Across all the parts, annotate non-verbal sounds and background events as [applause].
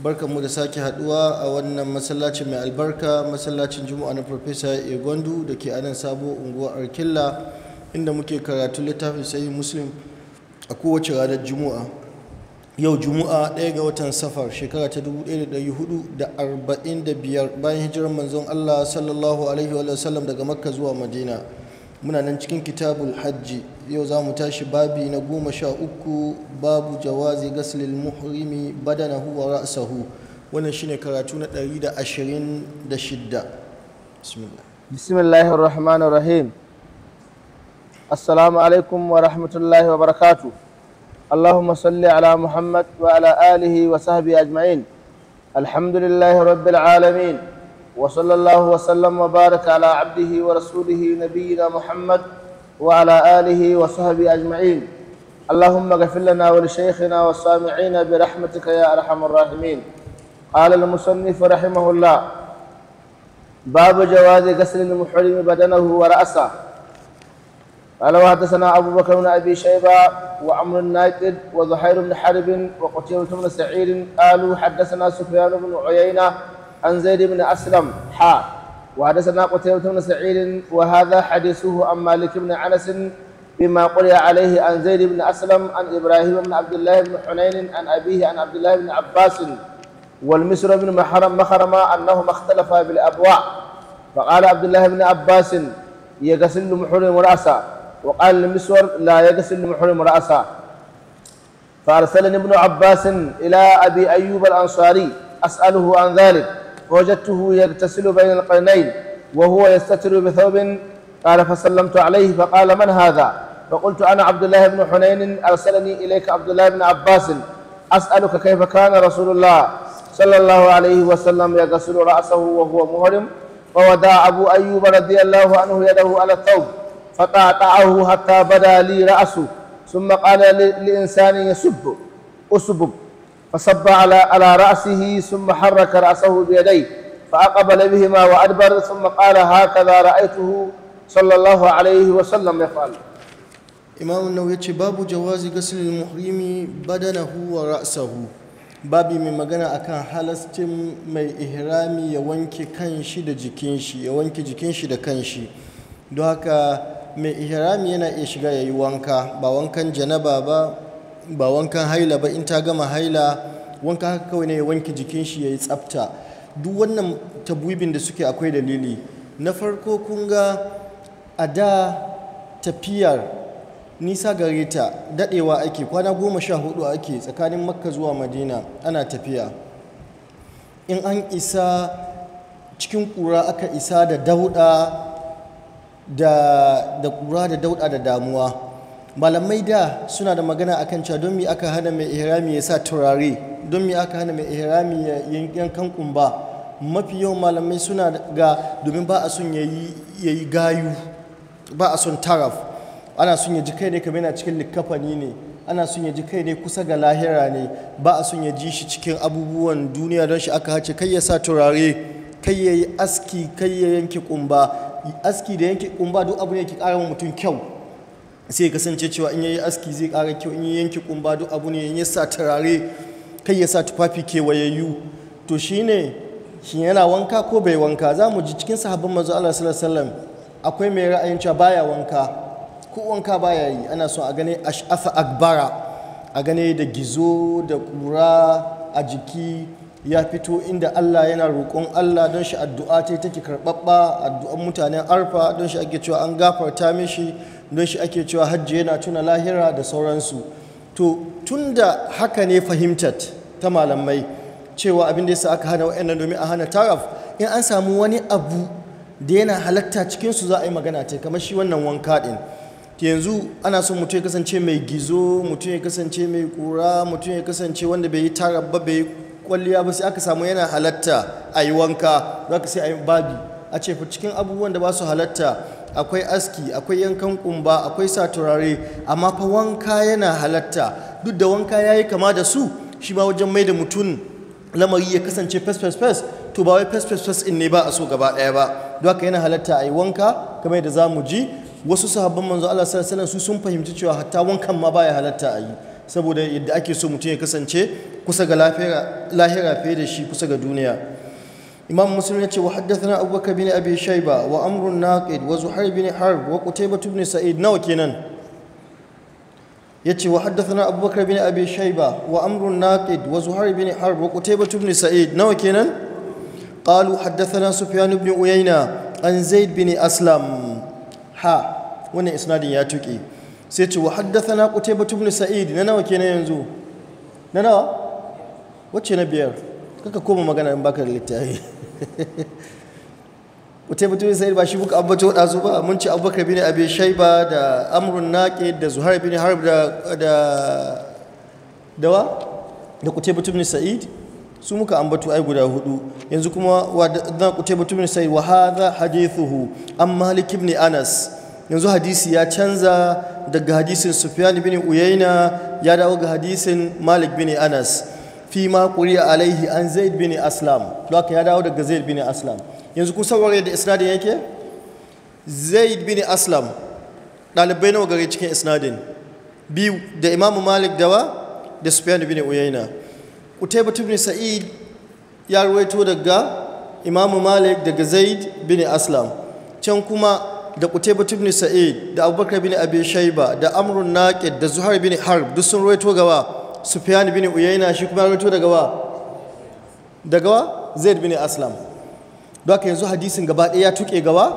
mu da sake haduwa a wannan masallacin mai albarka masallacin juma'a na farfesa egondu da ke anan sabo unguwa arkilla inda muke karatu littafin sai muslim a kowace ranar juma'a yau juma'a ɗaya ga watan safar shekara ta 1445 bayan hijirar manzon allah sallallahu alaihi wa sallam daga makka zuwa madina muna nan cikin kitabul hajji yau za mu tashi babi na goma sha uku babu jawazi gaslil muhrimi badanahu wa ra'sahu wannan shine karatu na ɗari da ashirin da shidda bismillahir rahmanir rahim assalamu alaikum wa rahmatullahi wa barakatu allahumma salli ala muhammad wa ala alihi wa sahbihi ajma'in alhamdulillahi rabbil alamin وصلى الله وسلم وبارك على عبده ورسوله نبينا محمد وعلى آله وصحبه أجمعين اللهم اغفر لنا ولشيخنا والسامعين برحمتك يا أرحم الراحمين قال المصنف رحمه الله باب جواز غسل المحرم بدنه ورأسه قال وحدثنا أبو بكر بن أبي شيبة وعمر الناقد وزهير بن حرب وقتيبة بن سعيد قالوا حدثنا سفيان بن عيينة عن زيد بن أسلم حا وحدثنا قتيبة بن سعيد وهذا حديثه عن مالك بن أنس بما قرئ عليه عن زيد بن أسلم عن إبراهيم بن عبد الله بن حنين عن أبيه عن عبد الله بن عباس والمسر بن محرم مخرما أنهما اختلفا بالأبواء فقال عبد الله بن عباس يغسل محرم رأسا وقال المسور لا يغسل محرم رأسا فأرسلني ابن عباس إلى أبي أيوب الأنصاري أسأله عن ذلك فوجدته يغتسل بين القرنين وهو يستتر بثوب قال فسلمت عليه فقال من هذا فقلت أنا عبد الله بن حنين أرسلني إليك عبد الله بن عباس أسألك كيف كان رسول الله صلى الله عليه وسلم يغسل رأسه وهو مهرم فودع أبو أيوب رضي الله عنه يده على الثوب فقاطعه حتى بدا لي رأسه ثم قال لإنسان يسب أسبب فصب على على رأسه ثم حرك رأسه بيديه فأقبل بهما وأدبر ثم قال هكذا رأيته صلى الله عليه وسلم يفعل إمام النووي باب جواز غسل المحرم بدنه ورأسه babi mai magana akan halastin mai ihrami ya wanke kanshi da jikin shi ya wanke jikin shi da kanshi don haka mai ihrami yana iya shiga ya yi wanka ba wankan janaba ba ba wankan haila ba in ta gama haila wanka haka kawai ne ya wanke jikin shi ya yi tsafta duk wannan tabibin da suke akwai dalili na farko kun ga a da tafiyar nisa gare ta daɗewa ake kwana goma sha hudu ake tsakanin makka zuwa madina ana tafiya in an isa cikin ƙura aka isa da dauda da ƙura da dauɗa da damuwa malamai da suna da magana akan cewa don mi aka hana mai ihrami ya sa turare don mi aka hana mai ihrami ya yankan kumba mafi yawan malamai suna ga domin ba a son ya yi gayu ba a son taraf ana son ya ji kai ne kamar yana cikin likkafani ne ana son ya ji kai ne kusa ga lahira ne ba a son ya ji shi cikin abubuwan duniya don shi aka hace kai ya sa turare kai ya yi aski kai ya yanke kumba aski da yanke kumba duk abu ne ke ƙara mutum kyau sai kasance cewa in yayi aski zai kara kyau in yi yanki kumba duk abu ne in sa turare kai ya sa tufafi kewayayyu to shine shi yana wanka ko bai wanka za mu ji cikin sahabban manzo Allah sallallahu alaihi akwai mai ra'ayin cewa baya wanka ko wanka baya yi ana so a gane ash'afa akbara a gane da gizo da kura a jiki ya fito inda Allah yana roƙon Allah don shi addu'a ta take karɓaɓɓa addu'an mutanen arfa don shi ake cewa an gafarta mishi don shi ake cewa hajji yana tuna lahira da sauransu to tun da haka ne fahimtar ta malamai cewa abin da yasa aka hana nan domin a hana taraf in an samu wani abu da yana halatta cikinsu za a yi magana ta kamar shi wannan wanka ɗin yanzu ana son mutum ya kasance mai gizo mutum ya kasance mai kura mutum ya kasance wanda bai yi tarab ba bai yi kwalliya ba sai aka samu yana halatta a yi wanka za ka sai a yi babi a ce cikin abubuwan da ba su halatta akwai aski akwai yankan kumba akwai sa turare amma fa wanka yana halatta duk da wanka ya yi kama da su shi ma wajen mai da mutum lamari ya kasance fes fes fes to ba wai fes fes fes in ne ba a so gaba daya ba duk yana halatta a yi wanka kamar da za mu ji wasu sahabban manzo Allah sallallahu alaihi su sun fahimci cewa hatta wankan ma baya halatta ayi saboda yadda ake so mutum ya kasance kusa ga lahira fiye da shi kusa ga duniya إمام مسلم يتي وحدثنا أبو بكر بن أبي شيبة وأمر الناقد وزحير بن حرب وقتيبة بن سعيد نو كينان يتي وحدثنا أبو بكر بن أبي شيبة وأمر الناقد وزهير بن حرب وقتيبة بن سعيد نو كينان قالوا حدثنا سفيان بن عيينة عن زيد بن أسلم ها وانا إسناد يا توكي سيتي وحدثنا قتيبة بن سعيد نو كينان ينزو نو وتشي نبير kaka koma magana in baka da littafi mutai mutum sai ba shi muka ambato da su ba mun ci abubakar bin abi shaiba da amrun naqi da zuhair bin harb da da dawa da kutai mutum ne sa'id su muka ambato ai guda hudu yanzu kuma wa da kutai mutum ne sa'id wa hadha hadithuhu am malik ibn anas yanzu hadisi ya canza daga hadisin sufyan bin uyaina ya dawo ga hadisin malik bin anas fi ma quriya alaihi an zaid bin aslam haka ya dawo daga zaid bin aslam yanzu kun saurare da isnadin yake zaid bin aslam dalibai nawa gare cikin isnadin biyu da imamu malik dawa da sufyan bin ku taiba ibn sa'id ya ruwaito daga imamu malik daga zaid bin aslam can kuma da taiba ibn sa'id da abubakar bin abi shaiba da amrun naqid da zuhar bin harb duk sun ruwaito gaba sufyan bin uyayna shi kuma rawaito daga wa daga wa zaid bin aslam don haka yanzu hadisin gaba ɗaya ya tuke gawa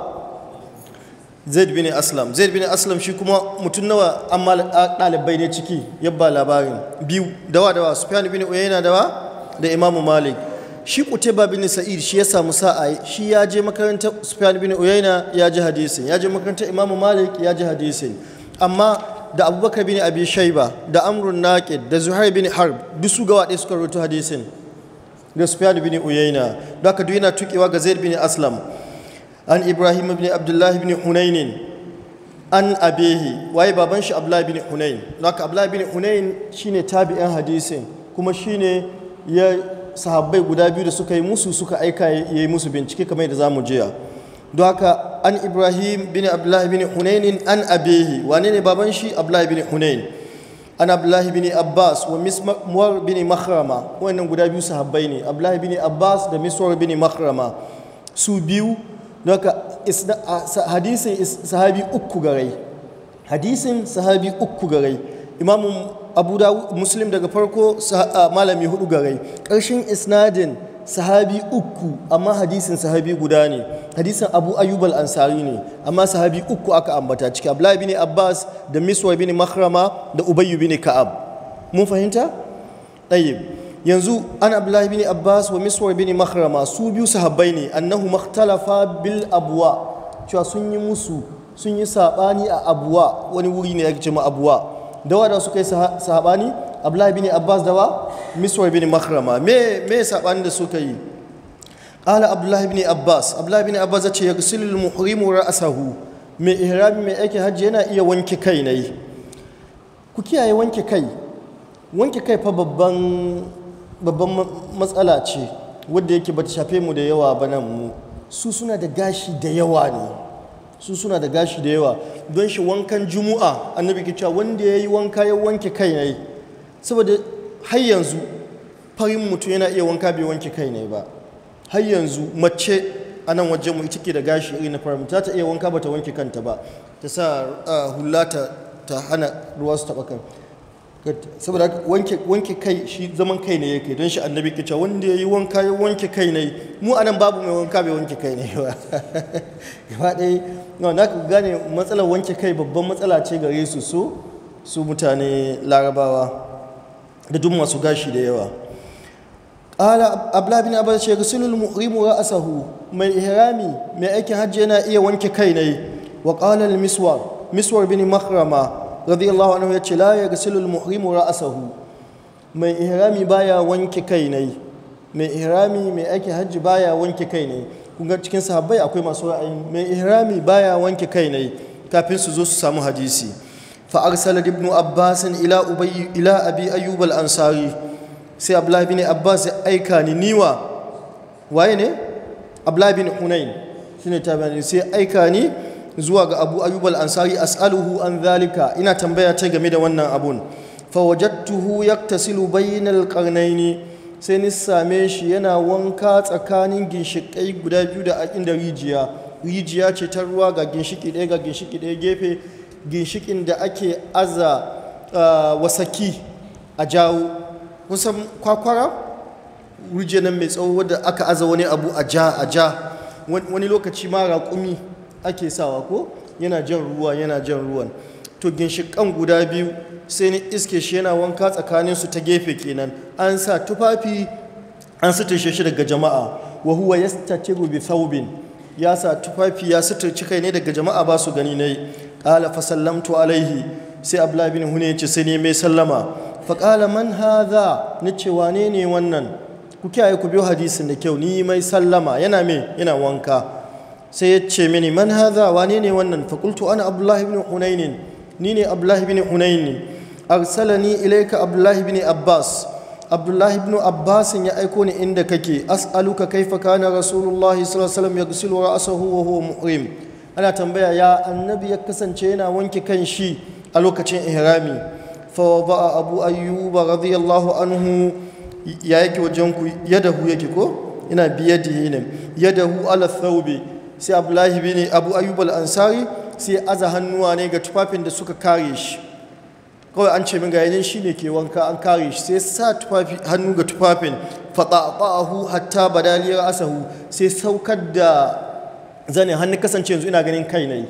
zaid bin aslam zaid bin aslam shi kuma mutum nawa amma ɗalibai ne ciki yabba labarin biyu dawa dawa sufyan bin uyayna dawa da imamu malik shi kuteba bin sa'id shi ya samu sa'a shi ya je makarantar sufyan bin uyayna ya ji hadisin ya je makarantar imamu malik ya ji hadisin amma da abubakar bin abi shaiba da amrun naƙid da zuhair bin harb duk su gawa ɗaya suka rutu hadisin da sufyan bin uyayna da aka duyina tukewa ga zaid bin aslam an ibrahim bin abdullahi bin hunainin an abehi waye baban shi abla bin hunain da aka abla bin hunain shine tabi'in hadisin kuma shine ya sahabbai guda biyu da suka yi musu suka aika ya yi musu bincike kamar yadda zamu jiya don haka an ibrahim bin abdullahi bin hunainin an abehi wane ne baban shi abdullahi bin hunain an abdullahi bin abbas wa mismar bin makrama wannan guda biyu sahabbai ne abdullahi bin abbas da mismar bin makrama su biyu daga hadisin sahabi uku garai hadisin sahabi uku garai imamun abu da muslim daga farko malami hudu garai ƙarshen isnadin sahabi uku amma hadisin sahabi guda ne hadisin abu ayyubal ansari ne amma sahabi uku aka ambata ciki abdullahi bin abbas da miswa bin makrama da ubayyu bin ka'ab mun fahimta tayyib yanzu an abdullahi bin abbas wa miswa bin makrama su biyu sahabbai ne annahu maktalafa bil abwa cewa sun yi musu sun yi sabani a abuwa wani wuri ne yake ce ma abuwa dawa da suka yi sabani abdullahi bin abbas dawa miswar bin makrama me me saban da suka yi ala abdullahi bin abbas abdullahi bin abbas zace yaghsilul muhrimu ra'asahu mai ihrami mai aikin hajji yana iya wanke kai yi. ku kiyaye wanke kai wanke kai fa babban babban matsala ce wadda yake bata shafe mu da yawa ba nan mu su suna da gashi da yawa ne su suna da gashi da yawa don shi wankan jumu'a annabi ke cewa wanda ya yi wanka ya wanke kai ne saboda har yanzu farin mutum yana iya wanka bai wanke kai ne ba har yanzu mace a nan waje mu ita ke da gashi iri na farin ta ta iya wanka ba ta wanke kanta ba ta sa ah, hula ta hana ruwa su taɓa kan saboda wanke kai shi zaman kai ne yake don shi annabi ke cewa wanda ya yi wanka ya wanke kai ne mu nan babu mai wanka bai wanke kai ne [laughs] ba gaba ɗaya na ku gane matsalar wanke kai babban matsala ce gare su su mutane larabawa da duk masu gashi da yawa ƙala abla bin abbas ce rasulul muhrimu ra'asahu mai ihrami mai aikin hajji yana iya wanke kai ne wa ƙalar al miswar miswar bin makrama radiyallahu anhu ce la yaghsilul muhrimu ra'asahu mai ihrami baya wanke kai ne mai ihrami mai aikin hajji baya wanke kai ne kun ga cikin sahabbai akwai masu ra'ayi mai ihrami baya wanke kai ne kafin su zo su samu hadisi فأرسل ابن عباس إلى أبي إلى أبي أيوب الأنصاري سي عبد الله بن عباس أي كان نيوا وين عبد الله بن حنين شنو تابعني سي أي كان zuwa ga Abu Ayyub al-Ansari as'aluhu an zalika ina tambaya ta game da wannan abun fawajadtuhu yaktasilu bainal qarnayn sai ni same shi yana wanka tsakanin ginshikai guda biyu da inda rijiya rijiya ce ta ruwa ga ginshiki ɗaya ga ginshiki ɗaya gefe ginshikin da ake aza ah, wasaki a jawo kusan kwakwara wurje nan mai tsawo wadda aka aza wani abu a ja a ja wani lokaci ma raƙumi ake sawa ko yana jan ruwa yana jan ruwan to ginshikan guda biyu sai ni iske shi yana wanka tsakanin su ta gefe kenan an sa tufafi an sutur shi daga jama'a wa huwa yastatiru bi thawbin ya sa tufafi ya suturci kai ne daga jama'a ba su gani yi. Ala fa sallamtu alaihi sai abdullahi bin hune ce sai ne mai sallama fa qala man hadha ni ce wane ne wannan ku kiyaye ku biyo hadisin da kyau ni mai sallama yana me yana wanka sai ya ce mini man hadha wane ne wannan fa qultu ana abdullahi bin hunayn ni ne abdullahi bin hunayn arsalani ilayka abdullahi bin abbas abdullahi ibn abbas ya aiko ni inda kake as'aluka kaifa kana rasulullahi sallallahu alaihi wasallam yaghsilu ra'sahu wa huwa muhrim ana tambaya ya annabi ya kasance yana wanke kan shi a lokacin ihrami fa a abu ayyuba radiyallahu anhu ya yake wajen ku yadahu yake ko ina biyadihi ne yadahu ala thawbi sai abdullahi bin abu ayyuba al ansari sai aza hannuwa ne ga tufafin da suka kare shi kawai an ce min ga yanin shine ke wanka an kare shi sai sa hannu ga tufafin fata'ahu hatta Badaliyar Asahu sai saukar da zane hannu kasance yanzu ina ganin kai na yi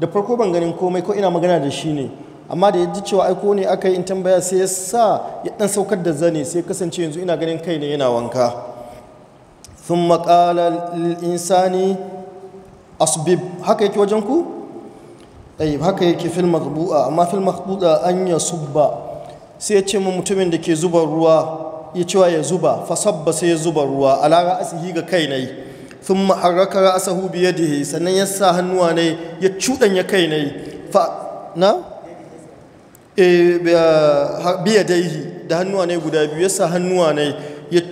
da farko ban ganin komai ko ina magana da shi ne amma da ya ji cewa aiko ne aka yi in tambaya sai ya sa ya dan saukar da zane sai kasance yanzu ina ganin kai na yana wanka sun maƙala insani asbib haka yake wajen ku ɗai haka yake fil maƙbu'a amma fil maƙbu'a an ya subba sai ya ce ma mutumin da ke zuba ruwa ya cewa ya zuba fasabba sai ya zuba ruwa a lara ga kai na yi sun ma'arraka ra'asahu biyadihi sannan ya sa hannuwa ne ya ya kai ne fa na eh, biyadaihi da hannuwa ne guda biyu ya sa hannuwa ne ya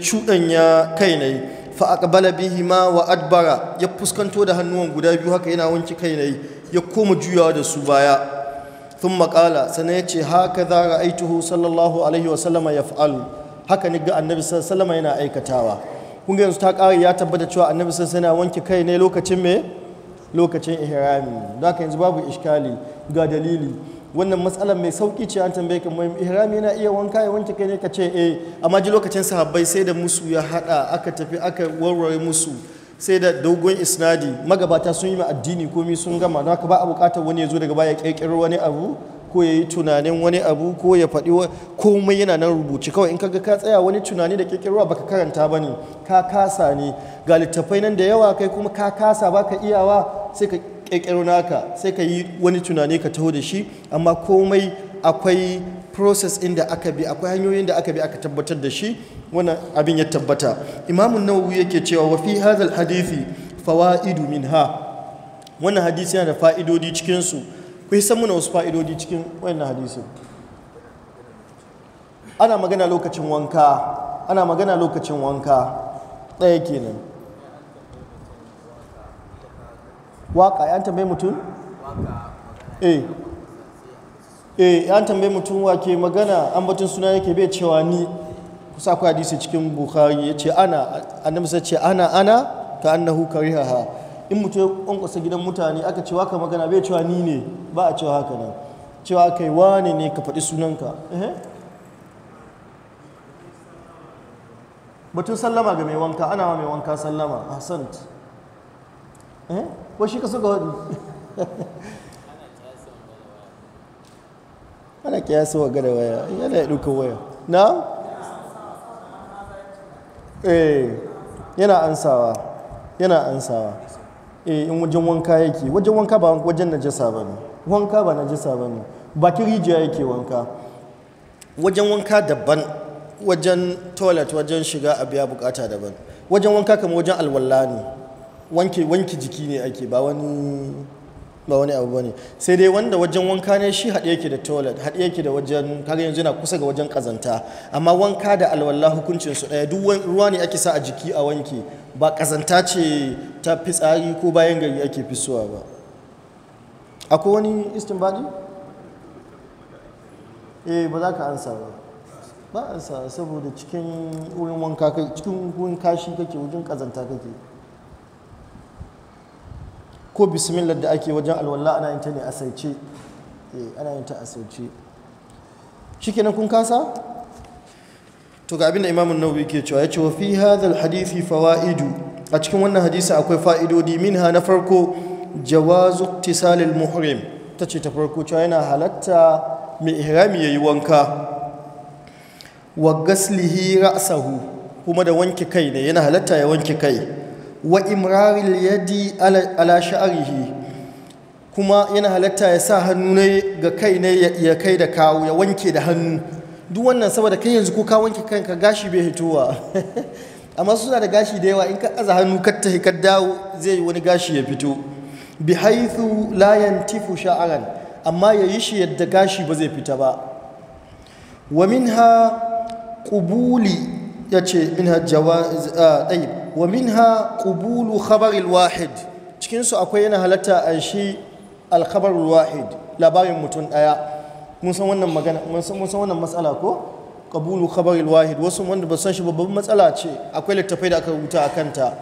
ya kai ne fa aqbala bihi ma wa adbara ya fuskanto da hannuwan guda biyu haka yana wanki kai ne ya koma juyawa da su baya haka za سنيتي هكذا رأيته sallallahu alaihi عليه وسلم يفعل هكذا نقع النبي صلى الله عليه وسلم yana aikatawa. kunga yanzu ta ƙari ya tabbata cewa annabi sun sana wanke kai ne lokacin me lokacin ihrami don haka yanzu babu ishkali ga dalili wannan matsalar mai sauki ce an tambaye ka ihrami yana iya wanka ya wanke kai ne ka ce eh amma ji lokacin sahabbai sai da musu ya haɗa aka tafi aka warware musu sai da dogon isnadi magabata sun yi ma addini komi sun gama don haka ba a bukatar wani ya zo daga baya kirkiro wani abu ko ya yi tunanin wani abu ko ya faɗi komai yana nan rubuci kawai in kaga ka tsaya wani tunani da ƙirƙirwa baka karanta ba ne ka kasa ne ga littattafai nan da yawa kai kuma ka kasa ba ka iyawa sai ka kekero naka sai ka yi wani tunani ka taho da shi amma komai akwai process inda aka bi akwai hanyoyin da aka bi aka tabbatar da shi wannan abin ya tabbata imamun nawawi yake cewa wa fi hadal hadithi fawaidu minha wannan hadisi yana da fa'idodi cikin su ku san muna wasu fa'idodi cikin wannan hadisin ana magana lokacin wanka ana magana lokacin wanka ɗaya kenan waka ya tambaye mutum? eh eh ya tambaye mutum wake magana an batun suna yake bai cewa ni kusa kwa hadisi cikin bukhari ya ce ana annabi ce ana ana ka annahu ha in mutu ya kwankwasa gidan mutane aka cewa ka magana bai cewa ni ne ba a cewa haka nan cewa kai wane ne ka faɗi sunanka batun sallama ga mai wanka ana wa mai wanka sallama hasant eh ko shi ka suka wani. [laughs] ana kiyasa wa gada waya yana ya ɗuka waya na eh yana ansawa yana ansawa Eh, in wajen wanka yake wajen wanka ba wajen najasa ba ne wanka ba najasa ba ne bakin rijiya yake wanka wajen wanka daban wajen toilet wajen shiga a biya bukata daban wajen wanka kamar wajen alwala ne wanke jiki ne ake ba wani ba wani abu bane sai dai wanda wajen wanka ne shi haɗe yake da toilet haɗe yake da wajen har yanzu yana kusa ga wajen kazanta amma wanka da alwala hukuncin su ɗaya duk ruwa ne ake sa a jiki a wanke ba kazanta ce ta fitsari ko bayan gari ake fisuwa ba akwai wani istinbadi eh ba za ka ansa ba ba ansa saboda cikin wurin wanka cikin wurin kashi kake wajen kazanta kake ko bismillah da ake wajen alwallah ana yin ta ne asaice eh ana yin ta asaice shikenan kun kasa to ga abin da imamun nawawi ke cewa yace wa fi hadha hadisi fawaidu a cikin wannan hadisi akwai fa'idodi Min ha na farko jawazu ittisal almuhrim tace ta farko cewa yana halatta mai ya yi wanka wa gaslihi ra'sahu kuma da wanke kai ne yana halatta ya wanke kai wa imraril yadi ala sha'arihi kuma yana halatta ya sa hannu ne ga kai ne ya kai da kawo ya wanke da hannu duk wannan saboda kai yanzu ko ka wanke kanka gashi bai hitowa [laughs] amma suna da gashi da yawa in ka aza hannu ka tahi ka dawo zai wani gashi ya fito bi haithu layan tifu sha'aran amma ya yi shi yadda gashi ba zai fita ba wa minha qubuli yace minha jawaz ɗaya. wa minha ƙubulu khabaril wahid Cikinsu akwai yana halatta a shi alkhabarul wahid labarin mutum ɗaya. mun san wannan magana mun san wannan matsala ko qabulu khabaril wahid wasu wanda ba san shi babban matsala ce akwai littafai da aka rubuta a kanta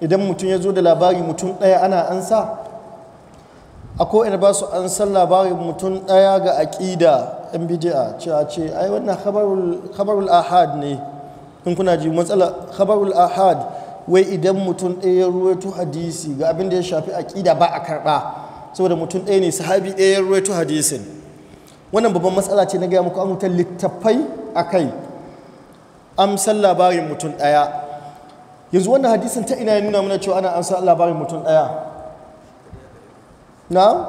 idan mutum ya zo da labari mutum ɗaya ana an sa? akwai ina ba su an san labarin mutum ɗaya ga aqida yan ce cewa ce ai wannan khabarul ahad ne in kuna ji matsala khabarul ahad wai idan mutum ɗaya ruwaito hadisi ga abin da ya shafi aƙida ba a karɓa saboda mutum ɗaya ne sahabi ɗaya ruwaito hadisin wannan babban matsala ce na gaya muku an wutar littattafai a kai amsan labarin mutum ɗaya yanzu wannan hadisin ta ina ya nuna mana cewa ana amsan labarin mutum ɗaya na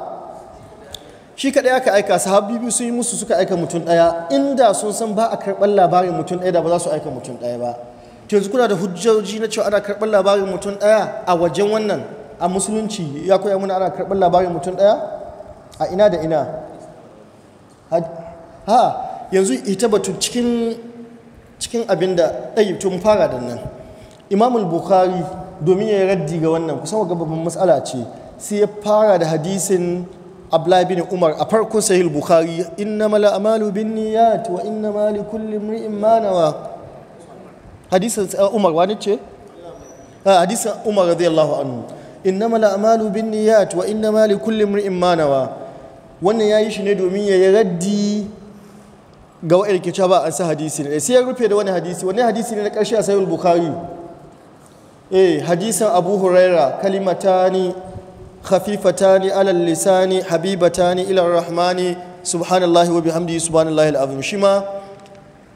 shi kaɗai aka aika sahabi biyu sun yi musu suka aika mutum ɗaya inda sun san ba a karɓar labarin mutum ɗaya da ba za su aika mutum ɗaya ba to yanzu kuna da hujjoji na cewa ana karɓar labarin mutum ɗaya a wajen wannan a musulunci ya koya muna ana karɓar labarin mutum ɗaya a ina da ina ha yanzu ita batu cikin cikin abin da ɗaya tun fara da nan imamul bukhari domin ya raddi ga wannan kusan wa gababin matsala ce sai ya fara da hadisin Abdullahi bin Umar a farkon sahih Bukhari innamal a'malu binniyat wa innamal likulli imrin ma nawa hadisin umar wani ce hadisin umar radiyallahu anhu innama la'amalu bin niyat wa innama li kulli imrin ma nawa wannan yayi shi ne domin ya raddi ga wa'ir kice ba an sa hadisi ne sai ya rufe da wani hadisi wani hadisi ne na karshe a sahih bukhari eh hadisin abu huraira kalimatani khafifatani ala lisani habibatani ila rahmani subhanallahi wa bihamdihi subhanallahi al-azim shima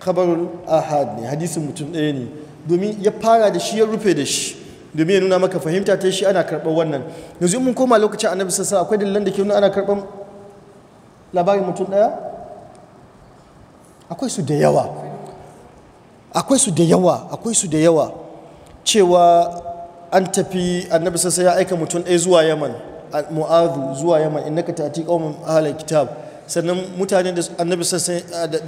khabarul ahad ne hadisin mutum ɗaya ne domin ya fara da shi ya rufe da shi domin ya nuna maka fahimta ta shi ana karɓar wannan yanzu mun koma lokacin annabi sassa akwai dalilan da ke nuna ana karɓar labarin mutum ɗaya akwai su da yawa akwai su da yawa akwai su da yawa cewa an tafi annabi sassa ya aika mutum ɗaya zuwa yaman mu'adu zuwa yaman innaka ta'ti qauman ahlal kitab sannan mutane da annabi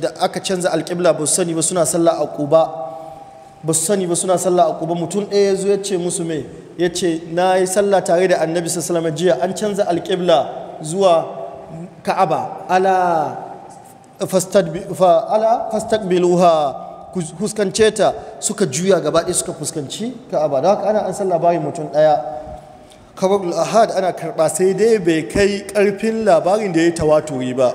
da aka canza alƙibla ba su sani ba suna sallah a ƙuba ba su sani ba suna sallah a ƙuba mutum ɗaya ya zo ya ce musu mai ya ce na yi sallah tare da annabi sallallahu jiya an canza alƙibla zuwa ka'aba ala biluha fuskance ta suka juya gaba ɗaya suka fuskanci ka'aba da haka ana an sallah bayan mutum ɗaya khabarul ahad ana karɓa sai dai bai kai karfin labarin da ya tawaturi ba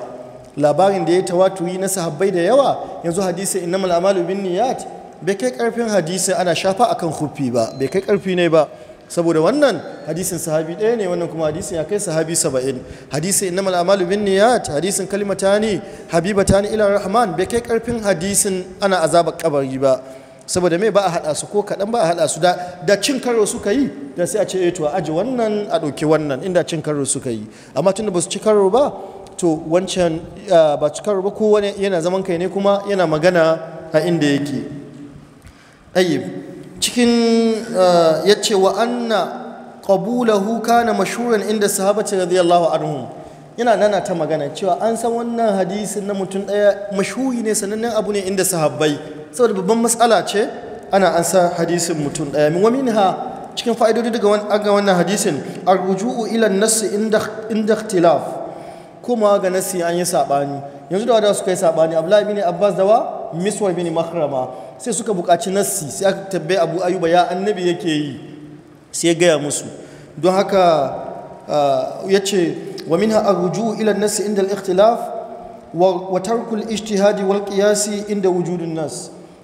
labarin da ya tawaturi na sahabbai da yawa yanzu hadisi innamal amalu bin niyat bai kai karfin hadisi ana shafa akan hufi ba bai kai karfi ne ba saboda wannan hadisin sahabi ɗaya ne wannan kuma hadisin ya kai sahabi saba'in hadisin innamal amalu bin niyat hadisin kalimatani habibatani ila rahman bai kai karfin hadisin ana azabar kabari ba saboda mai ba a haɗa su ko kaɗan ba a haɗa su da cin karo suka yi da sai a ce eh, to a aji wannan a ɗauki wannan inda cin karo suka yi amma da ba su ci karo ba to wancan ba ci karo ba ko wani yana zaman kai ne kuma yana magana a inda yake ayyib cikin ya ce wa anna qabulahu kana mashhuran inda sahabati radiyallahu anhu. yana nana ta magana cewa an san wannan hadisin na mutum daya mashuhi ne sanannen abu ne inda sahabbai saboda babban matsala ce ana an san hadisin mutum ɗaya min wamin ha cikin fa'idodi daga wannan hadisin arruju'u ila nassi inda ikhtilaf kuma ga nassi an yi sabani yanzu da wadawa suka yi saɓani abdullahi bin abbas dawa miswar bin makrama sai suka buƙaci nassi sai aka tabbai abu ayuba ya annabi yake yi sai gaya musu don haka ah, ya ce ومنها الرجوع إلى النص عند الاختلاف وترك الاجتهاد والقياس عند وجود الناس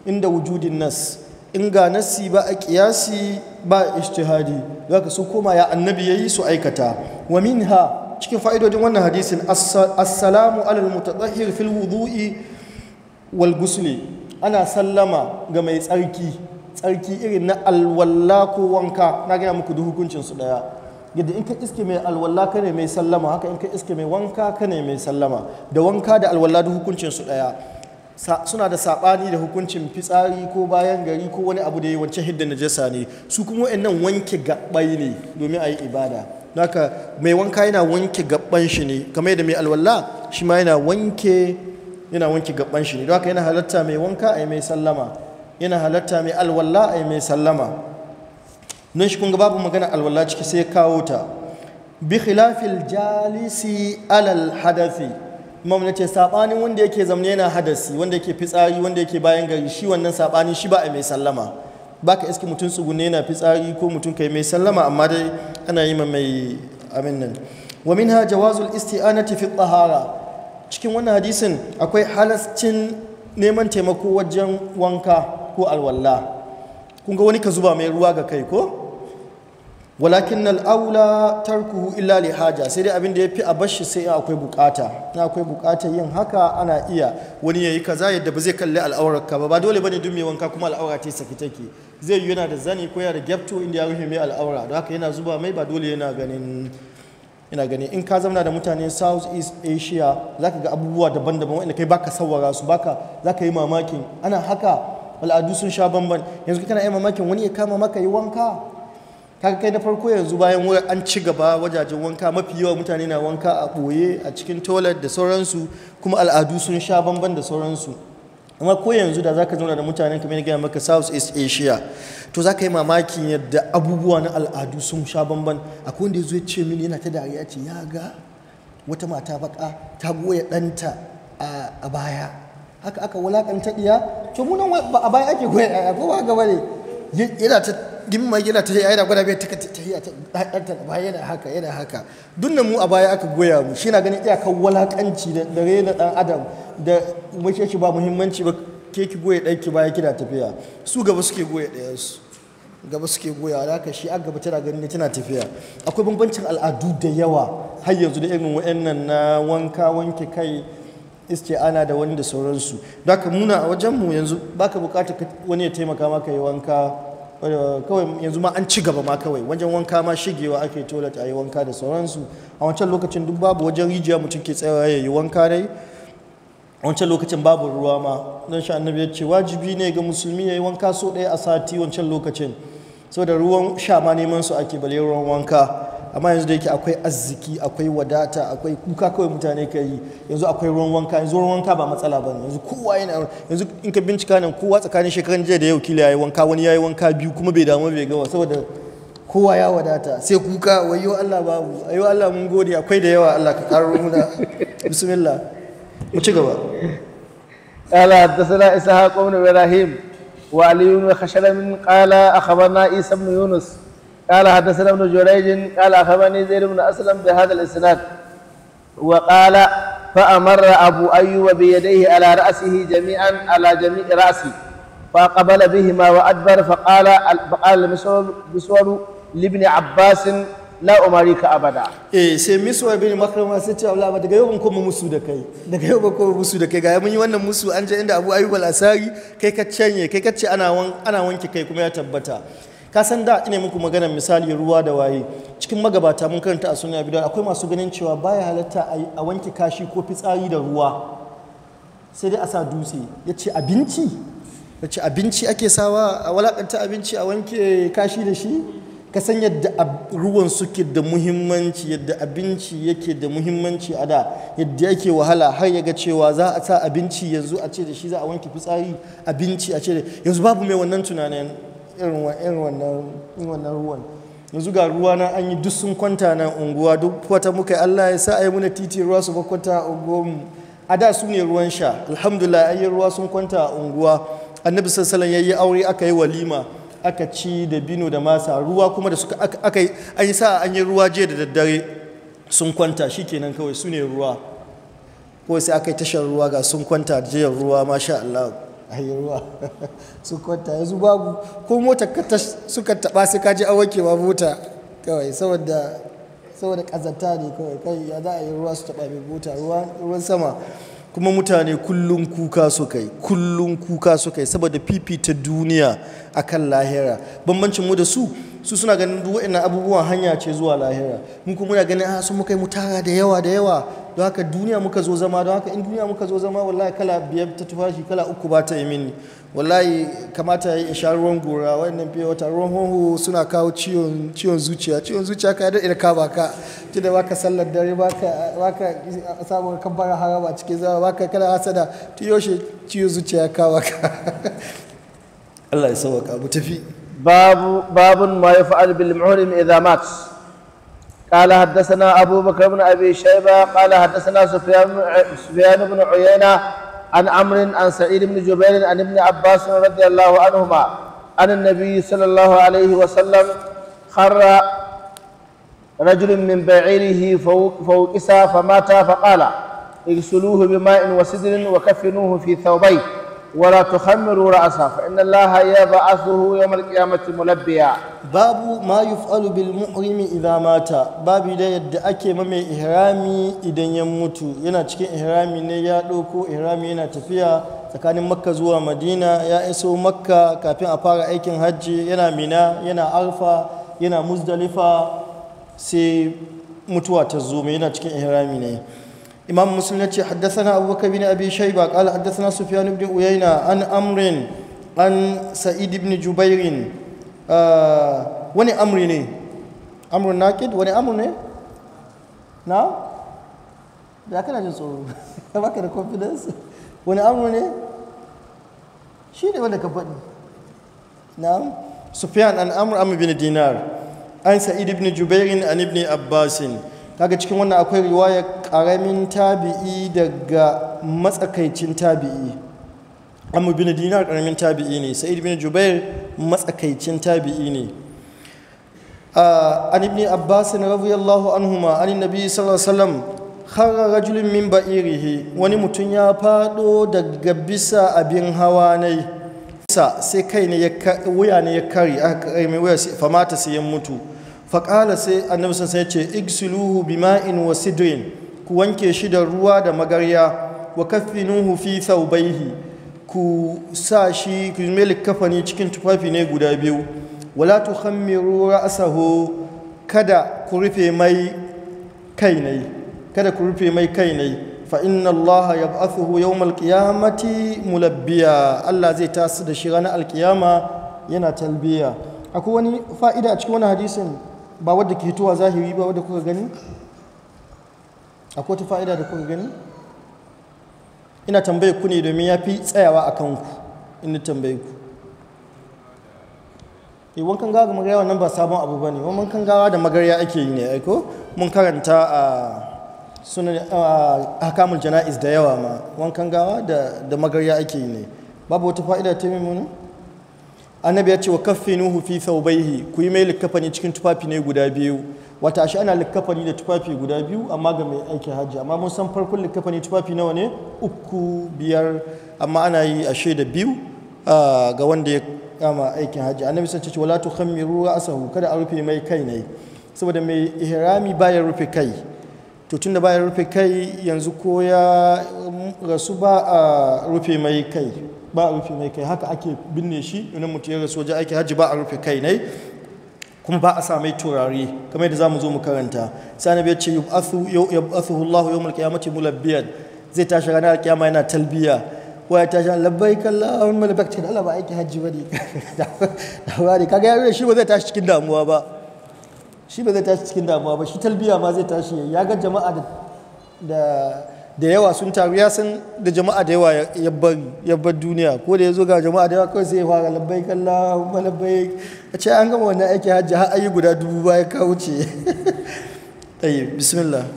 عند وجود nas, in ga nasi ba a kiyasi ba ijtihadi zaka su koma ya annabi yayi su aikata wa ha cikin fa'idodin wannan hadisin assalamu alal mutatahhir fil wudu'i wal ghusli ana sallama ga mai tsarki tsarki irin na alwalla ko wanka na gaya muku duk hukuncin su daya yadda in ka iske mai alwala ka ne mai sallama haka in ka iske mai wanka ka ne mai sallama da wanka da alwala da hukuncin su daya suna da sabani da hukuncin fitsari ko bayan gari ko wani abu da ya wance hidda najasa ne su kuma wayannan wanke gabbai ne domin a yi ibada naka mai wanka yana wanke gabban shi ne kamar yadda mai alwala shi ma yana wanke yana wanke shi ne don haka yana halatta mai wanka a mai sallama yana halatta mai alwala a mai sallama nan shi kunga babu magana alwallah ciki sai kawo ta bi khilafil jalisi alal hadathi imam nace sabani wanda yake zamne yana hadasi wanda yake fitsari wanda yake bayan gari shi wannan sabani shi ba a mai sallama baka iske mutum tsugunne yana fitsari ko mutum kai mai sallama amma dai ana yi mai amin nan wa minha jawazul isti'anati fi tahara cikin wannan hadisin akwai halascin neman taimako wajen wanka ko alwallah kun ga wani ka zuba mai ruwa ga kai ko walakin al'aula tarkuhu illa li haja sai dai abin da ya fi a bashi sai in akwai bukata in akwai bukatar yin haka ana iya wani ya yi kaza yadda ba zai kalli al'aurar ka ba ba dole bane mai wanka kuma al'aura ta saki take zai yi yana da zani ko yana da gyapto inda ya rufe mai al'aura don haka yana zuba mai ba dole yana ganin ina gani in ka zauna da mutane south east asia za ka ga abubuwa daban-daban wanda kai baka sawara su baka za ka yi mamakin ana haka al'adu sun sha bamban yanzu kana yi mamakin wani ya kama maka yi wanka kaga kai na farko yanzu bayan an ci gaba wajajen wanka mafi yawa mutane na wanka a ɓoye a cikin toilet da sauransu kuma al'adu sun sha bamban da sauransu amma ko yanzu da zaka zauna da mutanen kamar gaya maka south east asia to zaka yi mamakin yadda abubuwa na al'adu sun sha bamban akwai wanda ya ce mini yana ta dariya ce ya ga wata mata baka ta goya ɗanta a baya haka aka wulakanta iya to munan ba a baya ake goya ɗaya ko ba gaba ne yana ta dimma yana ta yana gwada bai ta tahiya ta ba yana haka yana haka dunnan mu a baya aka goya mu shi na ganin iyakar walakanci da rena dan adam da mace shi ba muhimmanci ba ke ki goya ɗanki baya kina tafiya su gaba suke goya ɗayansu gaba suke goya da haka shi an gaba tana ganin tana tafiya akwai bambancin al'adu da yawa har yanzu da irin wa'annan na wanka wanke kai isti'ana da wani da sauransu haka muna a wajenmu yanzu baka bukata wani ya taimaka maka yi wanka kawai yanzu ma an ci gaba ma kawai wajen wanka ma shigewa ake toilet a yi wanka da sauransu a wancan lokacin duk babu wajen rijiya mutum ke tsayawa ya yi wanka dai a wancan lokacin babu ruwa ma don sha annabi ya ce wajibi ne ga musulmi ya yi wanka so ɗaya a sati wancan lokacin saboda ruwan sha ma neman su ake bale ruwan wanka amma yanzu da yake akwai arziki akwai wadata akwai kuka kawai mutane ka yi yanzu akwai ruwan wanka yanzu ruwan wanka ba matsala ba yanzu kowa yana yanzu in ka bincika nan kowa tsakanin shekaran jiya da yau kila yayi wanka wani yayi wanka biyu kuma bai damu bai gawa saboda kowa ya wadata sai kuka wayo Allah babu ayo Allah mun gode akwai da yawa Allah ka karo muna bismillah mu ci gaba قال isa اسحاق ibrahim wa وعلي wa خشرم qala akhbarna isa ibn yunus قال حدثنا ابن جريج قال أخبرني زيد بن أسلم بهذا الإسناد وقال فأمر أبو أيوب بيديه على رأسه جميعا على جميع رأسه فقبل بهما وأدبر فقال فقال المسور لابن عباس la umarika abada eh sai miswa bin makrama sai ce Allah ba daga yau ban koma musu da kai daga yau ban koma musu da kai ga mun yi wannan musu an je inda Abu Ayyub al-Asari kai ka canye kai ka ce ana wanke kai kuma ya tabbata ka san da ina muku magana misali ruwa da waye cikin magabata mun karanta a sunna bidan akwai masu ganin cewa baya halatta a wanke kashi ko fitsari da ruwa sai dai a sa dutse ya ce abinci ya abinci ake sawa a walakanta abinci a wanke kashi da shi ka san yadda ruwan suke da muhimmanci yadda abinci yake da muhimmanci a da yadda yake wahala har ya ga cewa za a sa abinci yanzu a ce da shi za a wanke fitsari abinci a ce da yanzu babu mai wannan tunanin irin wannan ruwan yanzu ga ruwa na an yi duk sun kwanta na unguwa duk wata muka Allah ya sa a yi muna titi ruwa su kwanta a unguwarmu a da su ne ruwan sha alhamdulillah yi ruwa sun kwanta a unguwa annabi sassalan ya yi aure aka yi walima aka ci da bino da masa ruwa kuma da suka aka yi an yi sa an yi ruwa je da daddare sun kwanta shi kenan kawai su ne ruwa kawai sai aka yi tashar ruwa ga sun kwanta jiyar ruwa masha Allah ruwa [laughs] su kwanta yanzu babu ko motar suka taba sai ka ji an wankewa mota kawai saboda saboda kazanta ne kawai kai ya za a yi ruwa su taba mai mota ruwan sama kuma mutane kullum kuka su Kai kullum kuka su Kai saboda fifita duniya akan lahira bambancin mu da su su suna ganin duk waɗannan abubuwan hanya ce zuwa lahira mu kuma muna ganin a ah, sun muka yi mutara da yawa da yawa don haka duniya muka zo zama don haka in duniya muka zo zama wallahi kala biyar ta tufashi kala uku ba ta yi mini wallahi kamata ya yi sha ruwan gora wannan fiye wata ruwan honho suna kawo ciwon zuciya ciwon zuciya ka ba ka ci da baka sallar dare baka samun kabbara haraba cikin zama baka kana asada ta yaushe ciwon zuciya ka baka [laughs] Allah ya ka mu tafi babu babun ma yaf'al bil muhrim idza mat قال حدثنا أبو بكر بن أبي شيبة قال حدثنا سفيان سفيان بن عيينة عن عمر عن سعيد بن جبير عن ابن عباس رضي الله عنهما عن النبي صلى الله عليه وسلم خر رجل من بعيره فوكس فمات فقال اغسلوه بماء وسدر وكفنوه في ثوبيه ولا تخمروا رأسه فإن الله يبعثه يوم القيامة ملبيا باب ما يفعل بالمحرم إذا مات باب da yadda ake mai ihrami idan ya mutu yana cikin ihrami ne ya ɗauko ihrami yana tafiya tsakanin makka zuwa madina ya iso makka kafin a fara aikin hajji yana mina yana arfa yana muzdalifa sai mutuwa ta zoma. yana cikin ihrami ne imam muslim ya ce haddasana abubakar bin abi shaiba qala haddasana sufyan ibn Uyaina an amrin an sa'id ibn jubairin uh, wani amri ne amrun naqid wani amru ne na da kana jin tsoro [laughs] baka da confidence wani amru ne shi ne wanda ka faɗi na sufyan an amri amr bin dinar an sa'id ibn jubairin an ibn abbasin kaga cikin wannan akwai riwayar ƙaramin tabi'i daga matsakaicin tabi'i amma bin dinar ƙaramin tabi'i ne sai bin jubair matsakaicin tabi'i ne an ibn abbas radiyallahu anhuma an nabi sallallahu alaihi wasallam khara rajulun min ba'irihi wani mutum ya fado daga bisa abin hawa ne sa sai kai ne ya wuya ne ya kare aka kare mai wuya famata sai ya mutu faƙala sai annabi sun sai ce igsiluhu bima'in wa ku wanke shi da ruwa da magarya wa nuhu fi thawbayhi ku sa shi ku mai kafani. cikin tufafi ne guda biyu wala tukhammiru ra'sahu kada ku rufe mai kai ne kada ku rufe mai kai ne fa inna allaha yab'athuhu yawm alqiyamati mulabbiya Allah zai tasu da shi ranar alkiyama yana talbiya akwai wani fa'ida a cikin wani hadisin ba wadda ke hitowa zahiri ba wadda kuka gani akwai ta fa'ida da kuka gani ina tambaye ku ne domin ya fi tsayawa a kanku ina tambaye ku yi eh, wankan gawa da magarya wannan ba sabon abu ba ne wani wankan gawa da magarya ake yi ne aiko mun karanta a sunan hakamun jana'iz da yawa ma wankan gawa da magarya ake yi ne babu wata fa'ida ta yi muni annabi ya ce wa nuhu fi thawbayhi ku yi mai likafani ne cikin tufafi ne guda biyu wata shi ana likafani da tufafi guda biyu amma ga mai aikin hajji amma mun san farkon likafani tufafi nawa ne uku biyar amma ana yi a shaida biyu ga wanda ya kama aikin hajji annabi sun ce wala ruwa ra'sahu kada a rufe mai kai ne saboda mai ihrami baya rufe kai to tunda baya rufe kai yanzu ko ya rasu ba a rufe mai kai ba a rufe mai kai haka ake binne shi idan mutum ya rasu waje aikin hajji ba a rufe kai ne kuma ba a sa mai turare kamar yadda zamu zo mu karanta sai annabi ya ce yub'athu yub'athuhu Allahu yawmal qiyamati mulabbiyan zai tashi ranar alkiyama yana talbiya wa ya tashi labbaik Allahumma labbaik ta Allah ba aiki hajji bane da [laughs] wani kaga yaro shi ba zai tashi cikin damuwa ba shi ba zai tashi cikin damuwa ba shi talbiya ma zai tashi ya ga jama'a da da yawa sun taru ya san da jama'a da yawa ya bar duniya ko da ya zo ga jama'a da yawa kawai sai ya fara labbai kalla kuma labbai a ce an gama wannan aiki hajji har ayi guda dubu baya ka wuce [laughs] tayi bismillah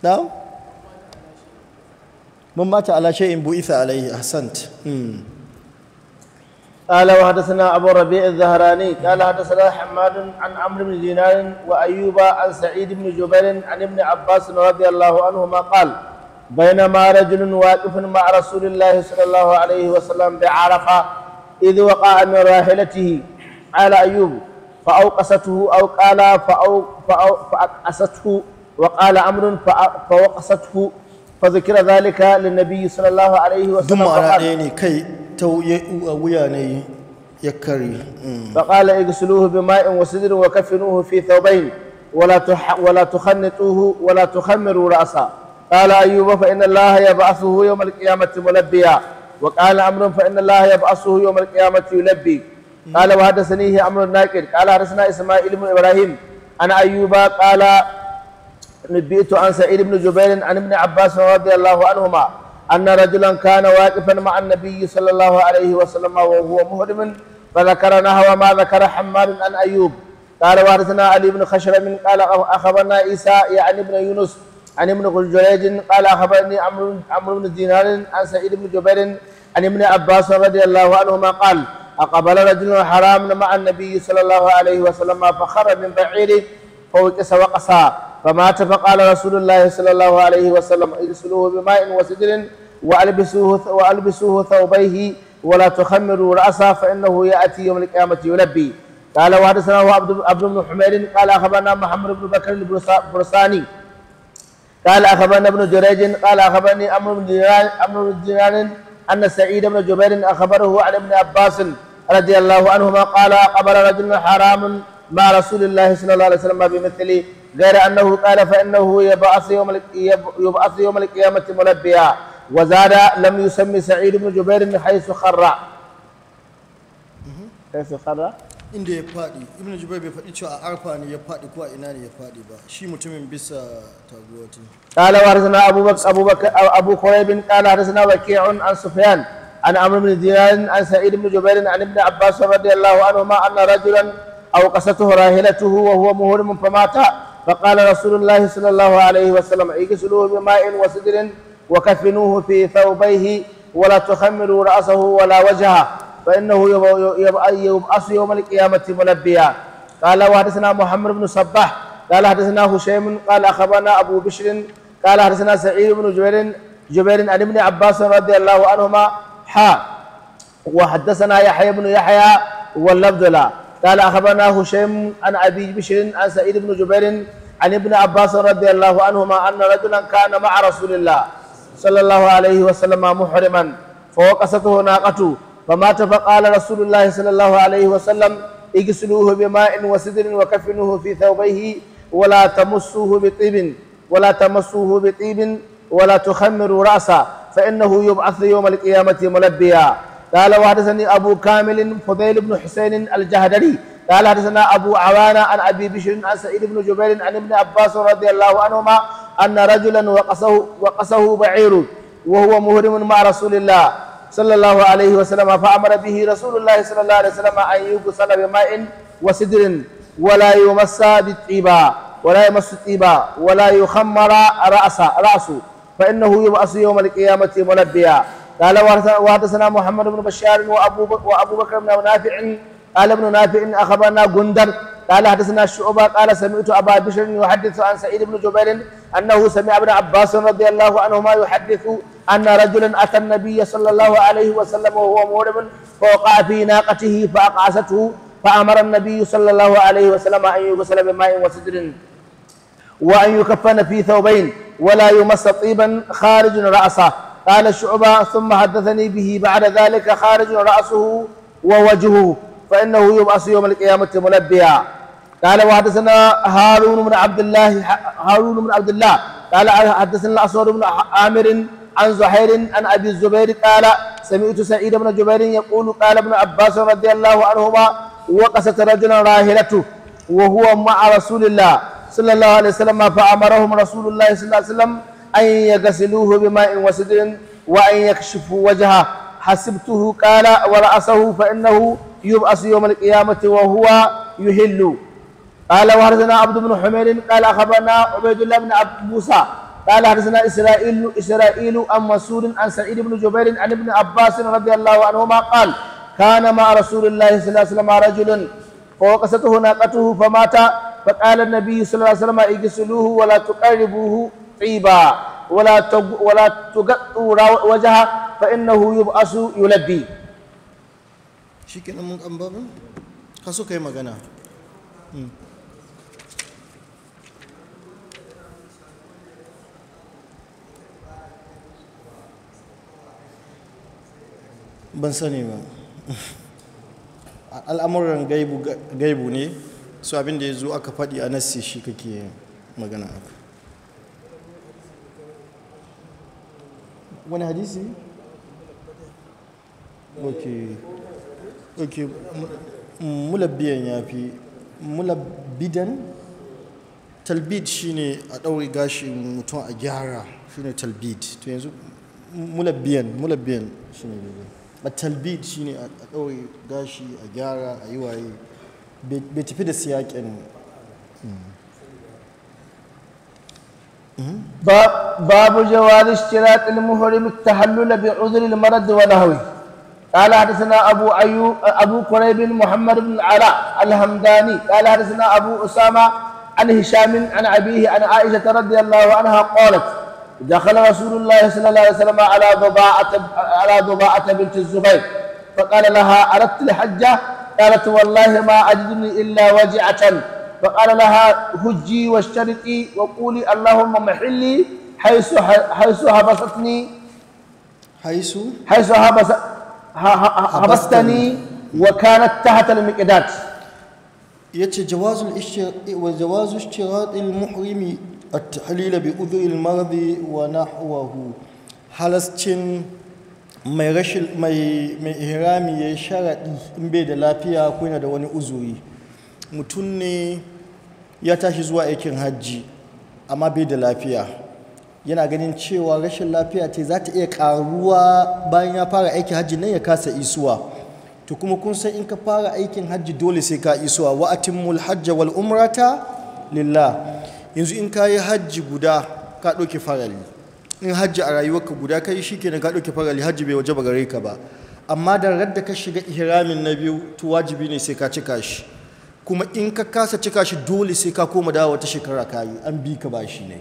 na mun mata ala shay'in bu'itha alaihi ahsant hmm. قال وحدثنا أبو ربيع الزهراني قال حدثنا حماد عن عمرو بن دينار وأيوب عن سعيد بن جبير عن ابن عباس رضي الله عنهما قال بينما رجل واقف مع رسول الله صلى الله عليه وسلم بعرفة إذ وقع من راحلته على أيوب فأوقسته أو قال فأو فأو فأقسته وقال أمر فوقسته فذكر ذلك للنبي صلى الله عليه وسلم ثم أنا كي ita wuya ne ya kare fa qala igsuluhu bima'in wa sidrin wa kafinuhu fi thawbayn ولا ولا تخنطوه ولا تخمروا راسا قال ايوب فان الله يبعثه يوم القيامه ملبيا وقال عمرو فان الله يبعثه يوم القيامه يلبي قال وحدثني عمرو الناقد قال حدثنا اسماعيل بن ابراهيم عن ايوب قال نبئت عن سعيد بن جبير عن ابن عباس رضي الله عنهما أن رجلا كان واقفا مع النبي صلى الله عليه وسلم وهو مهرم فذكر نحو ما ذكر حمار عن أيوب قال وارثنا علي بن خشرم قال أخبرنا عيسى يعني ابن يونس عن ابن جريج قال أخبرني عمرو عمرو بن دينار عن سعيد بن جبير عن ابن عباس رضي الله عنهما قال أقبل رجل حرام مع النبي صلى الله عليه وسلم فخر من بعيره فوكس وقصى فما اتفق على رسول الله صلى الله عليه وسلم اغسلوه بماء وسدر والبسوه والبسوه ثوبيه ولا تخمروا راسه فانه ياتي يوم القيامه يلبي قال وحدثنا عبد عبد بن حمير قال اخبرنا محمد بن بكر البرساني قال اخبرنا ابن جريج قال اخبرني امر بن دينار امر بن دينار ان سعيد بن جبير اخبره عن ابن عباس رضي الله عنهما قال قبل رجل حرام مع رسول الله صلى الله عليه وسلم بمثله غير أنه قال فإنه يبعث يوم يبعث يوم القيامة ملبيا وزاد لم يسمي سعيد بن جبير من حيث خر حيث خر inda ya faɗi ibn jubair bai faɗi cewa arfa ne ya faɗi ko ina ne ya faɗi ba shi mutumin bisa taguwa qala wa rasana abubakar abubakar abu quraybin qala rasana waqi'un an sufyan an amr bin dinar an sa'id bin jubair an ibn abbas radiyallahu anhu ma anna rajulan aw qasatuhu rahilatuhu wa huwa famata فقال رسول الله صلى الله عليه وسلم اغسلوه بماء وسدر وكفنوه في ثوبيه ولا تخمروا رأسه ولا وجهه فإنه يبأس يوم القيامة ملبيا قال وحدثنا محمد بن صباح قال حدثنا هشيم قال أخبرنا أبو بشر قال حدثنا سعيد بن جبير جبير عن ابن عباس رضي الله عنهما حا وحدثنا يحيى بن يحيى واللفظ لا قال أخبرنا هشيم عن أبي بشر عن سعيد بن جبير عن ابن عباس رضي الله عنهما أن رجلا كان مع رسول الله صلى الله عليه وسلم محرما فوقسته ناقته فمات فقال رسول الله صلى الله عليه وسلم اغسلوه بماء وسدر وكفنوه في ثوبيه ولا تمسوه بطيب ولا تمسوه بطيب ولا تخمروا راسا فإنه يبعث يوم القيامة ملبيا قال وحدثني أبو كامل فضيل بن حسين الجهدري قال حدثنا أبو عوانة عن أبي بشر عن سعيد بن جبير عن ابن عباس رضي الله عنهما أن رجلا وقصه وقصه بعير وهو مهرم مع رسول الله صلى الله عليه وسلم فأمر به رسول الله صلى الله عليه وسلم أن يغسل بماء وسدر ولا يمس بالطيبة ولا يمس الطيبة ولا يخمر رأسه رأسه فإنه يبأس يوم القيامة ملبيا قال وحدثنا محمد بن بشار وأبو بكر, وأبو بكر بن نافع قال ابن نافع أخبرنا غندر قال حدثنا الشعبة قال سمعت أبا بشر يحدث عن سعيد بن جبير أنه سمع ابن عباس رضي الله عنهما يحدث أن رجلا أتى النبي صلى الله عليه وسلم وهو مورب فوقع في ناقته فأقعسته فأمر النبي صلى الله عليه وسلم أن يغسل بماء وسدر وأن يكفن في ثوبين ولا يمس طيبا خارج رأسه قال الشعبة ثم حدثني به بعد ذلك خارج رأسه ووجهه فإنه يبعث يوم القيامة ملبيا قال وحدثنا هارون بن عبد الله هارون بن عبد الله قال حدثنا الأسود بن عامر عن زهير عن أبي الزبير قال سمعت سعيد بن جبير يقول قال ابن عباس رضي الله عنهما وقست رجلا راهلته وهو مع رسول الله صلى الله عليه وسلم فأمرهم رسول الله صلى الله عليه وسلم أن يغسلوه بماء وسد وأن يكشفوا وجهه حسبته قال ورأسه فإنه يبأس يوم القيامة وهو يهل قال وحدثنا عبد بن حمير قال أخبرنا عبيد الله بن عبد موسى قال حدثنا إسرائيل إسرائيل أم مسعود عن سعيد بن جبير عن ابن عباس رضي الله عنهما قال كان مع رسول الله صلى الله عليه وسلم رجل فوقسته ناقته فمات فقال النبي صلى الله عليه وسلم اغسلوه ولا تقربوه طيبا ولا ولا تغطوا وجهه فإنه يبأس يلبي shikenan mun kan babin ka so ka yi magana hmm. ban sani ba [laughs] al'amuran gaibu ne su abin da ya zo aka faɗi a nassi shi kake magana aka wani hadisi? ok ok mulabbiyan ya fi mulabbidan talbid shine a ɗaure gashin mutum a gyara shine talbid to yanzu mulabbiyan mulabbiyan shine a talbid shine a ɗaure gashi a gyara a yi waye bai tafi da siyaƙin باب جواز اشتراط المحرم التحلل da wani ونحوه قال حدثنا أبو أيوب أبو قريب محمد بن علاء الهمداني قال حدثنا أبو أسامة عن هشام عن أبيه عن عائشة رضي الله عنها قالت دخل رسول الله صلى الله عليه وسلم على ضباعة على ضباعة بنت الزبير فقال لها أردت الحجه قالت والله ما أجدني إلا وجعة فقال لها هجي واشترطي وقولي اللهم محلي حيث حيث حبستني حيث حيث حبست habastani wa kanat tahta al-miqdad yace jawazul wa jawazu ishtirat al-muhrimi at-tahlil bi udhri al-mardi wa nahwahu halascin mai rashin mai mai ihrami yayi sharadi in bai da lafiya ko yana da wani uzuri mutum ne ya tashi zuwa aikin hajji amma bai da lafiya yana ganin cewa rashin lafiya ce za ta iya karuwa bayan ya fara aikin hajji nan ya kasa isuwa to kuma kun san in ka fara aikin hajji dole sai ka isuwa wa atimul hajja wal umrata lillah yanzu in ka yi hajji guda ka ɗauki farali in hajji a rayuwarka guda ka yi shikenan ka ɗauki farali hajji bai waje gare ka ba amma da radda ka shiga ihramin na biyu to wajibi ne sai ka cika shi kuma in ka kasa cika shi dole sai ka koma dawo wata shekara ka yi an bi ka ba shi ne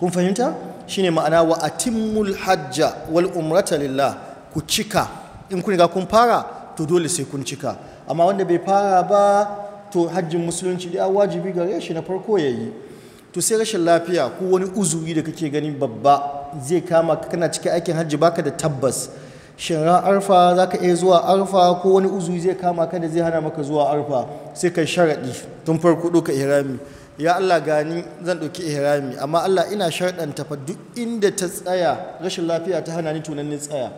kun fahimta shine ma'ana wa atimmul hajja wal umrata lillah ku cika in kun riga kun fara to dole sai kun cika amma wanda bai fara ba to hajjin musulunci da wajibi gare shi na farko ya yi. to sai rashin lafiya ko wani uzuri da kake gani babba zai kama kana cikin aikin hajji baka da tabbas shin ran arfa za ka iya zuwa arfa ko wani uzuri zai kama ka da zai hana maka zuwa arfa sai ka sharaɗi tun farko ɗauka ihrami ya Allah gani zan ɗauki ihrami amma Allah ina sharɗanta fa duk inda ta tsaya rashin lafiya ta hana ni tunanin tsaya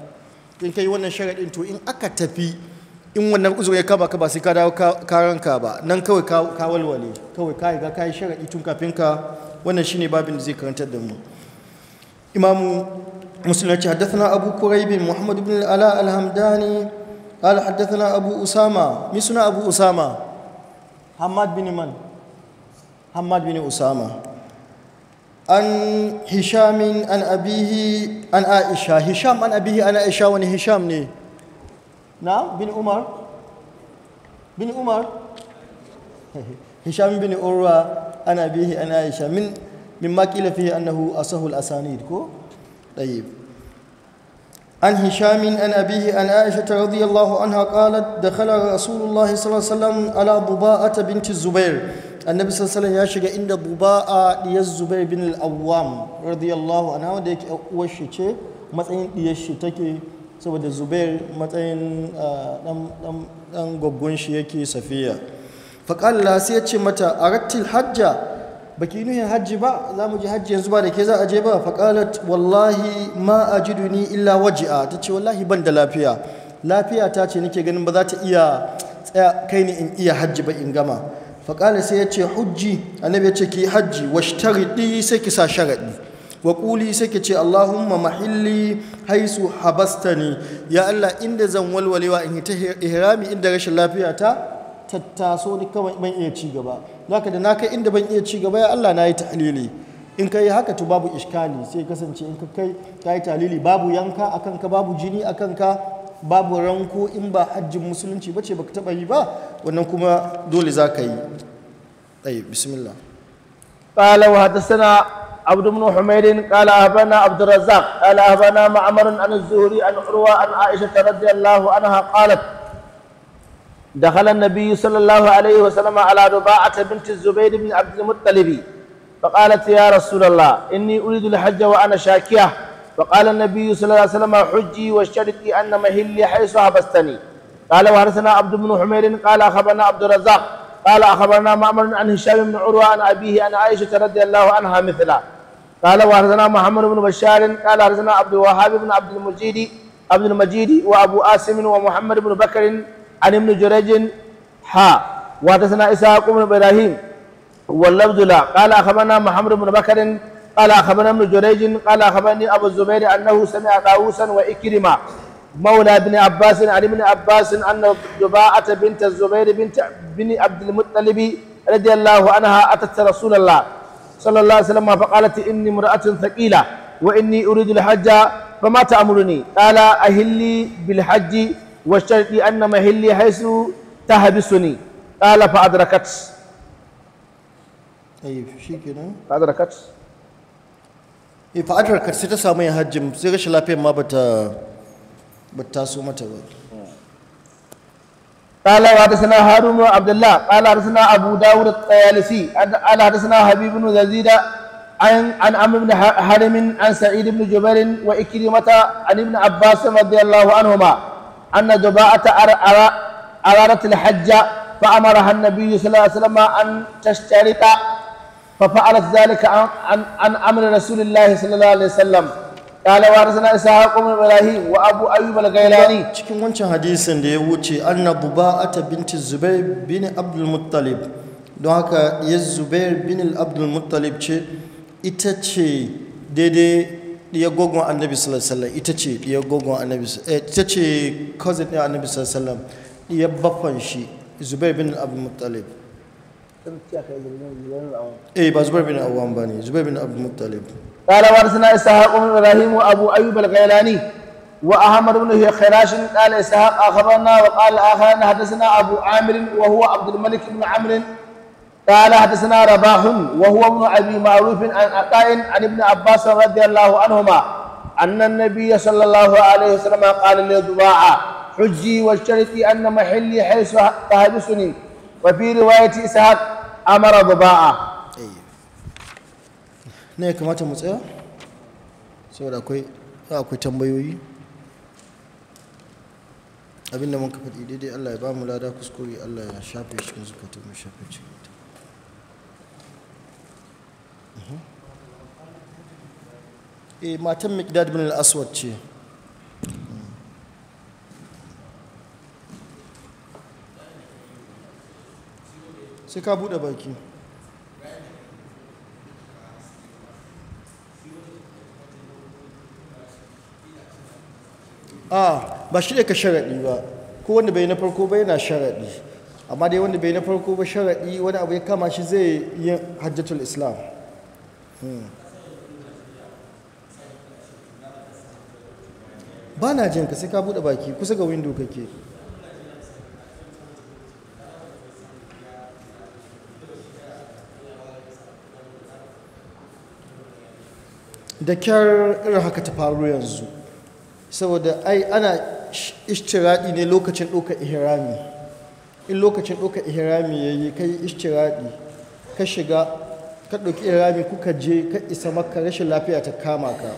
in kai wannan sharaɗin to in aka tafi in wannan uzuri ya kaba ka ba sai ka dawo karanka ba nan kawai ka walwale kawai ka yi ka yi sharaɗi tun kafin ka wannan shine babin da zai karantar da mu imamu مسلم حدثنا أبو كريب محمد بن الألاء الهمداني قال حدثنا أبو أسامة مسنا abu usama hamad bin من حماد بن أسامة عن هشام عن أبيه عن عائشة هشام عن أبيه عن عائشة وأن هشام ني نعم بن عمر بن عمر هشام بن عروة عن أبيه عن عائشة من مما قيل فيه أنه أصح الأسانيد كو طيب عن هشام عن أبيه عن عائشة رضي الله عنها قالت دخل رسول الله صلى الله عليه وسلم على ضباءة بنت الزبير annabi sallallahu ya shiga inda buba a diyar zubair bin al-awwam radiyallahu ana wanda yake uwar shi ce matsayin diyar shi take saboda zubair matsayin dan ah, gwaggon shi yake safiya faƙalla sai ya ce mata a rattil hajja baki nuhin hajji ba za mu ji hajji yanzu ba da ke za a je ba faƙalat wallahi ma a ni illa waji'a ta ce wallahi ban da lafiya lafiya ta ce nake ganin ba za ta iya tsaya kai ni in iya hajji ba in gama faƙali sai ya ce hujji annabi ya ce ki hajji wa shtaridi sai ki sa sharaɗi wa ƙuli sai ki ce allahumma mahilli haisu ne ya allah inda zan walwalewa in ta ihrami inda rashin lafiya ta tattaso ni kawai ban iya ci gaba ka da naka inda ban iya ci gaba ya allah na yi tahlili in ka yi haka to babu iskali sai kasance in ka kai ka yi talili babu yanka akan ka babu jini akan ka babu ranko in ba hajji musulunci ba ce ba ka taba yi ba wannan kuma dole za ka yi ɗaya bismillah ƙala wa hata sana abdullahi nuhu maidin ƙala abana abdurazak ƙala abana ma'amarin an zuri an urwa an aisha ta allahu an ha ƙalat da halar nabi sallallahu alaihi wa sallama ala duba a tabbinti Zubairu bin abdul ba faƙalat ya rasulallah inni uridul hajja wa ana shakiya فقال النبي صلى الله عليه وسلم حجي وشرتي أن مهلي حيث حبستني قال وارثنا عبد بن حمير قال أخبرنا عبد الرزاق قال أخبرنا معمر عن هشام بن عروة عن أبيه عن عائشة رضي الله عنها مثلا قال وارثنا محمد بن بشار قال حدثنا عبد الوهاب بن عبد المجيد عبد المجيد وأبو آسم ومحمد بن بكر عن ابن جريج ها وارثنا إسحاق بن إبراهيم واللفظ لا قال أخبرنا محمد بن بكر قال أخبرنا ابن جريج قال أخبرني أبو الزبير أنه سمع طاووسا وإكرمة مولى ابن عباس عن ابن عباس أن جباعة بنت الزبير بنت بن عبد المطلب رضي الله عنها أتت رسول الله صلى الله عليه وسلم فقالت إني امرأة ثقيلة وإني أريد الحج فما تأمرني قال أهلي بالحج والشرط أن مهلي حيث تهبسني قال فأدركت أي في شيء كده فأدركت fa'adar ka sai ta samu yin hajjin sai rashin lafiyar ma bata bata so mata ba قال وحدثنا هارون بن عبد الله قال حدثنا ابو داود الطيالسي قال حدثنا حبيب بن يزيد عن عن عمرو بن حرم عن سعيد بن جبير وإكرمة عن ابن عباس رضي الله عنهما أن جباءة ارارت الحج فأمرها النبي صلى الله عليه وسلم أن تشترط ففعلت ذلك عن عن امر رسول الله صلى الله عليه وسلم قال ورثنا اسحاق بن ابراهيم وابو ايوب الغيلاني cikin wancan hadisin da ya wuce anna bubaata binti zubair bin abdul muttalib don haka ya zubair bin abdul muttalib ce ita ce daidai diyar gogon annabi sallallahu alaihi ita ce diyar gogon annabi eh, ita ce cousin din annabi sallallahu alaihi wasallam diyar baffan shi zubair bin abdul muttalib اي بزبير بن عوام بني زبير بن عبد المطلب قال ورثنا اسحاق بن ابراهيم وابو ايوب الغيلاني واحمد بن خراش قال اسحاق اخبرنا وقال اخر حدثنا ابو عامر وهو عبد الملك بن عمرو قال حدثنا رباح وهو ابن ابي معروف عن عطاء عن ابن عباس رضي الله عنهما ان النبي صلى الله عليه وسلم قال للضباعه حجي واشترطي ان محلي حيث تحبسني وفي روايه اسحاق amara ba'a eh. na ya kamata mu tsaya saboda akwai tambayoyi abinda mun kafa daidai Allah ya ba mu lada kuskuri Allah ya shafe shi zukatu mai shafe cikin. Mhm. eh matan miqdad bin al-aswad ce sai ka bude baki a ba shi ne ka sharaɗi ba ko wanda bai na farko ba yana sharaɗi amma dai wanda bai na farko ba sharaɗi wani abu ya kama shi zai yi hajjatul islam hmm. ba na jinka sai ka buɗe baki kusa ga windo kake ke da kyar irin haka ta faru yanzu saboda ai ana ishtiraɗi ne lokacin ɗauka ihrami in lokacin ɗauka ihrami ya yi ka yi ishtiraɗi ka shiga ka ɗauki ihrami kuka je ka isa maka rashin lafiya ta kama ka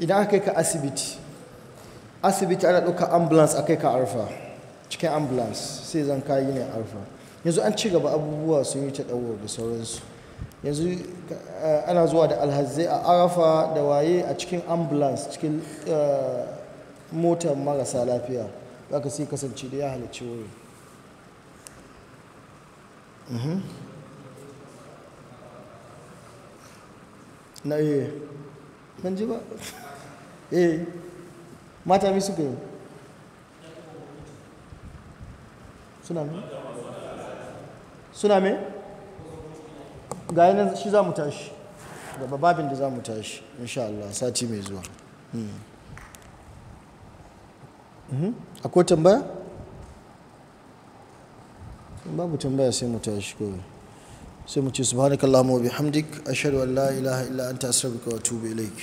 idan aka kai ka asibiti asibiti ana ɗauka ambulance a kai ka arfa cikin ambulance sai zan kayi ne arfa yanzu an ci gaba abubuwa sun yi ta ɗauwa da sauransu yanzu eh, ana zuwa da alhazai a arafa da waye a cikin ambulance cikin eh, motar marasa lafiya ka sai kasance da ya halarci wuri mhm. na iya eh, ban ji ba [laughs] eh mata mi suka yi suna me suna me ga yanar shi za mu tashi da babin da za mu tashi insha Allah sati mai zuwa hmm. Hmm? akwai tambaya? babu tambaya sai mu tashi ko sai mu ce subhanakallahumma wa bihamdik ashhadu an la ilaha illa anta astaghfiruka wa atubu ilaik